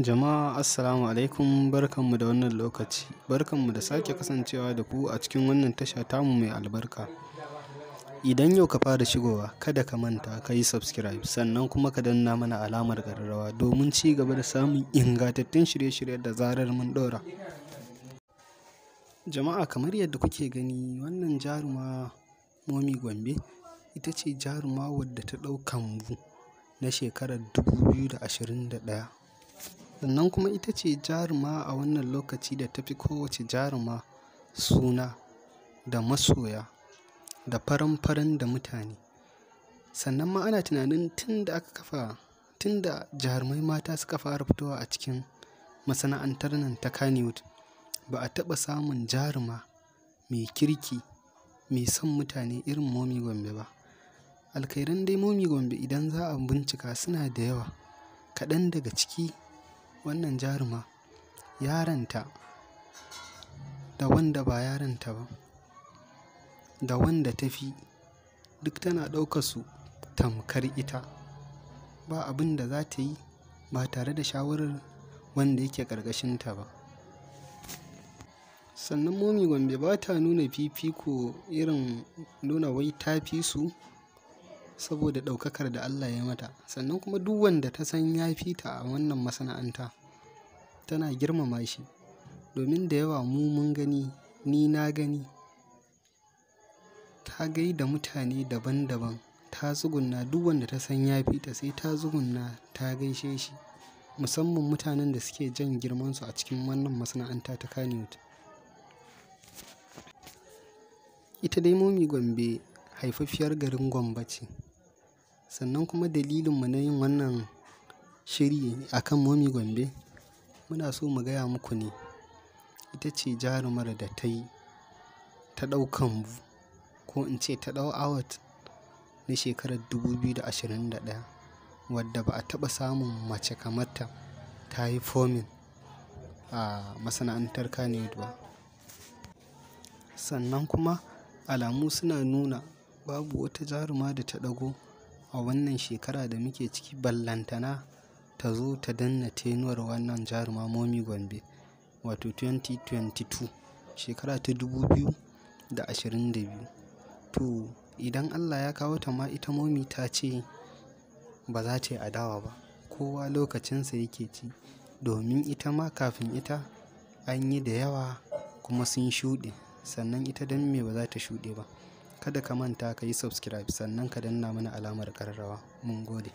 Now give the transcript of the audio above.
Jama'a Assalamu alaikum barkanmu da wannan lokaci, barkanmu da sake kasancewa da ku a cikin wannan tasha tamu mai albarka. Idan yau ka fara shigowa, kada ka manta ka yi subscribe sannan kuma ka danna mana alamar garrawa domin ci gaba da samun ingantattun shirye-shirye da zarar mun ɗora. Jama'a kamar yadda kuke gani wannan jaruma Momi Gombe ita ce jaruma wadda ta ɗau mu na shekarar 2021. Sannan kuma ita ce jaruma a wannan lokaci da tafi kowace jaruma suna da masoya da faran-faran da mutane. Sannan ma ana tunanin tun da aka kafa, tun da jarumai mata suka fara fitowa a cikin masana'antar nan ta Kannywood, ba a taɓa samun jaruma mai kirki, mai son mutane irin Momi Gombe ba. alkairan dai Momi Gombe idan za a bincika suna da yawa. Kaɗan daga ciki wannan jaruma yaranta da wanda ba yaranta ba da wanda ta fi duk tana ɗaukar su tamkar ita ba abin da za ta yi ba tare da shawarar wanda yake ƙarƙashinta ba sannan momi gombe ba ta nuna fifiko irin nuna wai ta fi su saboda ɗaukakar da Allah ya mata. Sannan kuma duk wanda ta san ya fi a wannan masana'anta tana girmama shi. Domin da yawa mu mun gani, ni na gani. Ta gaida mutane daban daban, ta tsugunna duk wanda ta san ya fi sai ta tsugunna ta gaishe shi. Musamman mutanen da suke jan girmansu a cikin wannan masana'anta ta Kannywood. Ita dai Momi Gombe haifaffiyar garin Gombe ce. Sannan kuma dalilinmu na yin wannan shiri akan Momi Gombe muna so mu gaya muku ne. Ita ce jarumar da ta yi, ta ɗaukan ko in ce ta ɗau awat na shekarar 2021 wadda ba a taɓa samun mace kamar ta ta yi fomin a masana'antar Kannywood ba. Sannan kuma alamu suna nuna babu wata jaruma da ta ɗago a wannan shekara da muke ciki ballantana ta zo ta danna tenuwar wannan jaruma Momi Gombe wato 2022 shekara ta 2022. To idan Allah ya kawo ta ma ita Momi ta ce ba za ta yi adawa ba kowa lokacinsa yake ci domin ita ma kafin ita an yi da yawa kuma sun shuɗe sannan ita don me ba za ta shuɗe ba. kada ka manta ka yi subscribe sannan ka danna mana alamar ƙararrawa mun gode